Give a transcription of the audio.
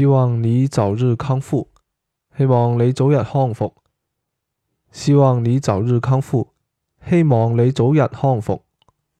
希望你早日康復，希望你早日康復，希望你早日康復，希望你早日康復。